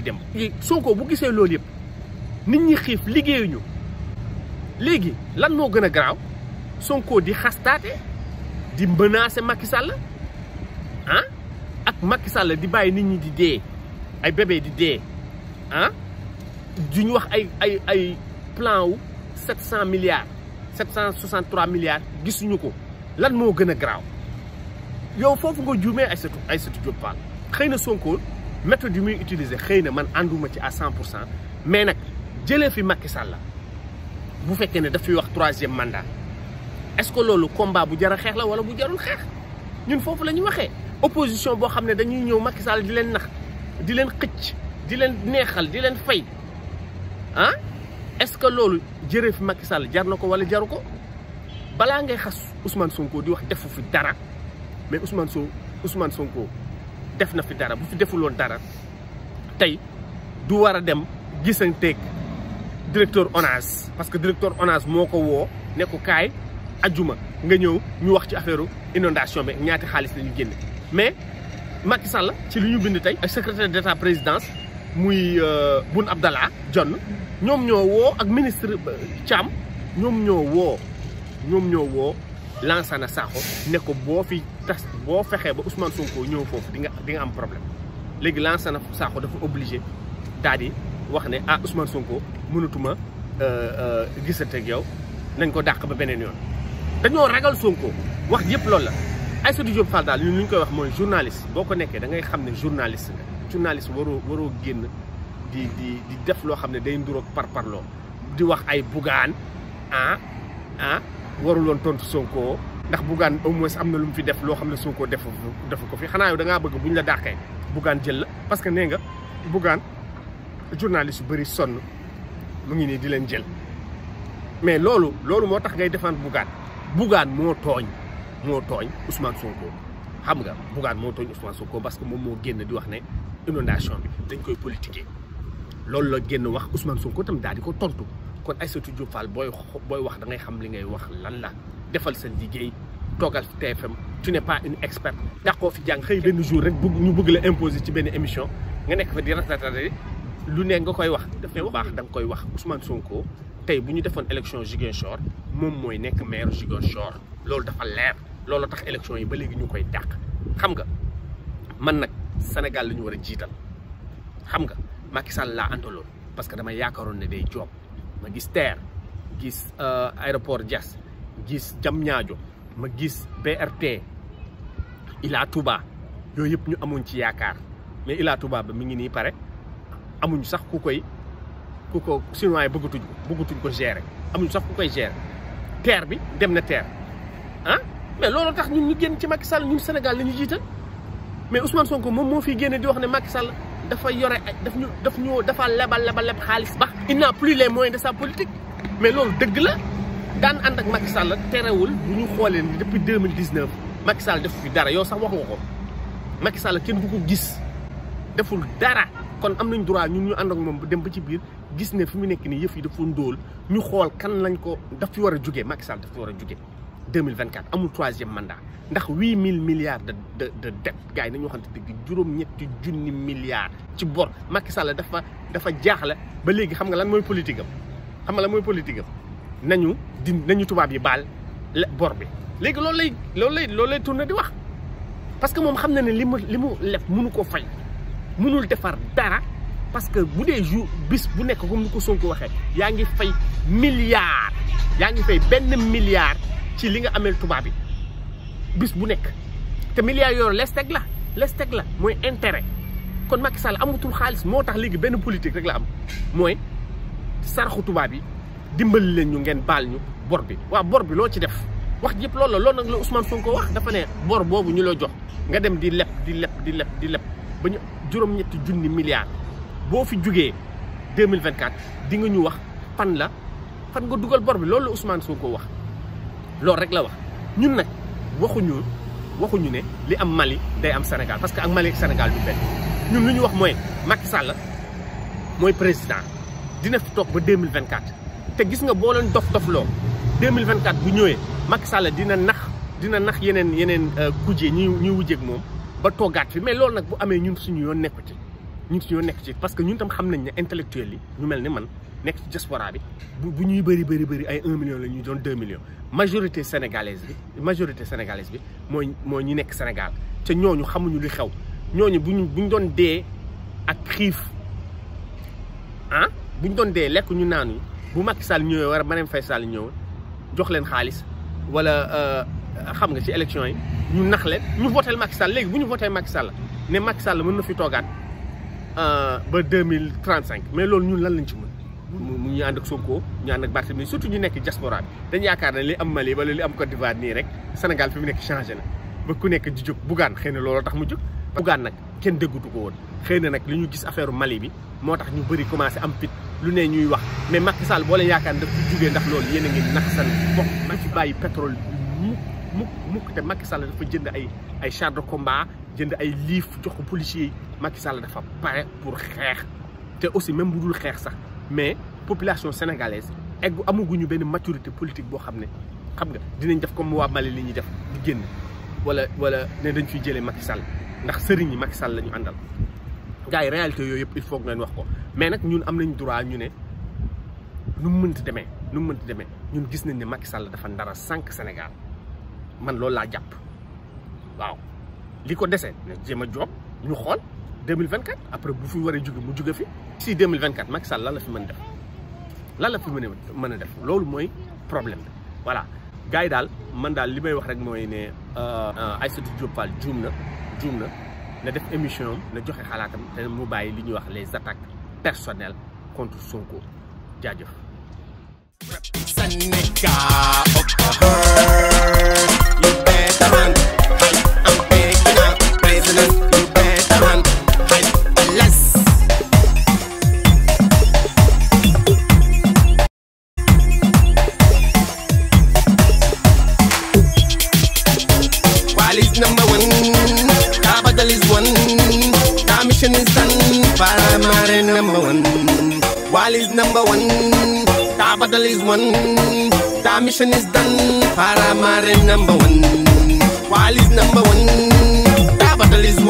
Macky dem Sonko bu gisee loolu yëpp nit ñi xiif liggéeyuñu léegi lan moo gën a garaaw Sonko di xastaate di menacer Macky Sall ah? ak Macky Sall di bàyyi nit ñi di dee ay bébé di dee ah ju ñu wax ay ay ay plan wu sept cent milliards sept cent soixante trois milliards gisuñu ko lan moo gën a garaaw yow foofu nga juumee ay satu ay satu Diop xëy na Sonko méthode que muy utiliser man à 100% mais nak, jëlee fi Macky Sall troisième mandat est-ce que lolu combat bu jara la wala bu jarul xeex ñun fofu opposition bo xamné dañuy ñëw Macky Sall di ah est-ce que lolu jëree fi Macky Sall wala Ousmane Sonko di dara mais Ousmane Ousmane Sonko def na fi dara bu fi won dara tay du wara dem gisanteeg directeur ONAS parce que directeur ONAS moko wo ne ko kay aljuma nga ñew ñu wax ci affaire inondation be ñaati xaliss la genn mais Macky Sall ci liñu bind tay ak secrétaire d'État présidence muy euh, Boun Abdallah John ñom ñoo wo ak ministre Cham euh, ñom ñoo wo ñom ñoo wo na Sakho ne ko boo fi tas boo fexee ba Ousmane Sonko ñëw foofu di nga di nga am problème léegi Lansana Sakho dafa obligé daal di wax ne ah Ousmane Sonko mënatuma euh, euh, gisante ak yow nañ ko dàq ba beneen yoon. dañoo ragal Sonko wax yëpp loolu la Aïssatou Diop Fall daal ñun li ñu koy wax mooy journaliste boo ko nekkee dangay ngay xam ne journaliste nga journaliste waroo génn di di di def loo xam ne day nduroog par parloo di wax ay bugaan ah ah. warul woon tontu Sonko ndax Bougane au moins am na lu mu fi def loo xam ne Sonko defu defu ko fi xanaa yow da ngaa bëgg buñ la dàqee Bougane jël la parce que nee nga Bougane journaliste yu bëri sonn mu ngi nii di leen jël mais loolu loolu moo tax ngay defant Bougane Bougane moo tooñ moo tooñ Ousmane Sonko xam nga Bougane moo tooñ Ousmane Sonko parce que moom moo génn di wax ne inondation bi dañ koy politiquer loolu la génn wax Ousmane Sonko tam daal di ko tontu. kon Aïssatou Diop Fall booy booy wax da ngay xam li ngay wax lan la defal sa liggéey toogal TFM tu n'es pas une experte ndax koo fi jàng xëy benn jour rek bëgg ñu bugg la imposer ci benn émission nga nekk fa di ratatati lu ne nga koy wax daf ne baax da nga koy wax Ousmane Sonko tey bu ñu defoon élection Ziguinchor moom mooy nekk maire Ziguinchor loolu dafa leer loolu tax élection yi ba léegi ñu koy dàq xam nga man nag Sénégal la ñu war a jiital xam nga Macky Sall laa àndaloon que dama yaakaaroon ne day joob ma gis teer gis euh, aéroport Diass gis jam ñaajo ma gis BRT Ila Touba yooyu yëpp ñu amuñ ci yaakaar mais Ila Touba ba mi ngi nii pare amuñ sax ku koy ku ko chinois yi bëggatuñ ko bëggatuñ ko sax ku koy gérer TER bi dem na TER ah mais loolu tax ñun ñu génn ci Macky Sall ñun senegal la ñu jiital mais Ousmane Sonko moom moo fi génne di wax ne Macky Sall. dafa yore daf ñu daf ñu dafa lebal lebal leb xaalis ba il n'a plus les moyens de sa politique mais loolu dëgg la daan ànd ak Macky la terewul bu ñu xoolee ni depuis deux mille dix neuf Macky def fi dara yow sax wax nga ko Macky Sall kenn bu ko gis deful dara kon am nañ droit ñun ñu ànd ak moom dem ba ci biir gis ne fu mu nekk nii yëf yi dafa ndóol ñu xool kan lañ ko daf fi war a jugee Macky Sall daf fi war a jugee 2024 amul troisième mandat ndax 8000 milliards de de de dette gars yi nañu ñetti milliards ci bor Macky Sall dafa dafa ba légui xam nga lan politique politique nañu di nañu tubaab yi bal bor bi. légui di wax parce que moom xam na ne limu limu lef mënu ko fay parce que bu dee bis bu nekk comme ni ko ngi fay milliards ngi milliard. ci li nga amel tuba bi bis bu nek te milliards yor les teg la les la moy intérêt kon Macky Sall amutul xaalis motax ligi ben politique rek la am moy sarxu tuba bi dimbal leen ñu ngeen bal ñu bor bi wa bor bi lo ci def wax jep loolu la loolu nag la Ousmane Sonko wax dafa ne bor bobu ñu lo jox nga dem di leb di leb di leb di leb ba ñu juroom ñetti junni milliards bo fi juggé 2024 di nga ñu wax fan la fan nga dugal bor bi loolu la Ousmane Sonko wax loolu rek la wax ñun nag waxuñu ne li am Mali day am Sénégal parce que ak Mali ak Sénégal nous benn ñun ñu wax Macky Sall président dina fi toog ba 2024 te gis nga boo leen dof dof 2024 bu Macky Sall dina nax dina nax euh, mais loolu nag bu amee ñun suñu yoon nekku ci parce que nous tam xam nañ nekk ci diaspora bi bu bu ñuy bëri bëri bëri ay 1 million la ñuy doon 2 millions majorité sénégalaise bi majorité sénégalaise bi mooy mooy ñu nekk Sénégal te ñooñu xamuñu li xew ñooñu bu ñu bu doon dee ak xiif ah buñ ñu doon dee lekk ñu naan bu Macky Sall ñëwee wala Marème Faye Sall ñëw jox leen xaalis wala euh, xam nga ci élection yi ñu nax leen ñu voté Macky Sall léegi bu ñu voté Macky Sall ne Macky Sall mën na fi toogaat euh, ba 2035 mais loolu ñun lan lañ ci mën. mu ñu ànd ak Sonko ñu ànd ak Barthélemy surtout ñu nekk diaspora bi dañ yaakaar ne li am Mali wala li am Côte d'Ivoire nii rek Sénégal fi mu nekk changé na ba ku nekk di jóg Bougane xëy na looloo tax mu jóg Bougane nag kenn déggutu ko woon xëy na nag li ñu gis affaire Mali bi moo tax ñu bëri commencé am fit lu ne ñuy wax mais Macky Sall boo leen yaakaar daf fi ndax loolu yéen a ngi nax san bokk na ci bàyyi pétrole bi mukk mukk mukk te Macky Sall dafa jënd ay ay char de combat jënd ay liif jox ko policiers yi Sall dafa pare pour xeex te aussi même bu xeex sax mais population sénégalaise egg amaguñu benn maturité politique boo xam ne xam nga dinañ def comme waa Mali li ñuy def di génn wala wala ne dañ fiy jëlee Macky Sall ndax sëriñ yi Macky Sall la àndal gars réalité yooyu yëpp il faut ngeen wax ko mais nag ñun am nañ droit ñu ne nu mu mënti demee nu mu mënti demee ñun gis nañ ne Macky Sall dafa ndara cinq Sénégal man loolu laa jàpp waaw li ko dese ne jéem a joob ñu xool. 2024 après bu fi waree jóge mu fi si 2024 Macky Sall lan la fi mën def lan la fi mën a def loolu mooy problème bi voilà gars yi man daal li wax rek euh, Aïssatou Diop Fall na def émission na xalaatam mu li wax les attaques personnelles contre Sonko you better Nation is done. Paramare number one. Wall is number one. battle is one. The mission is done. Paramare number one. Wall is number one. battle is one.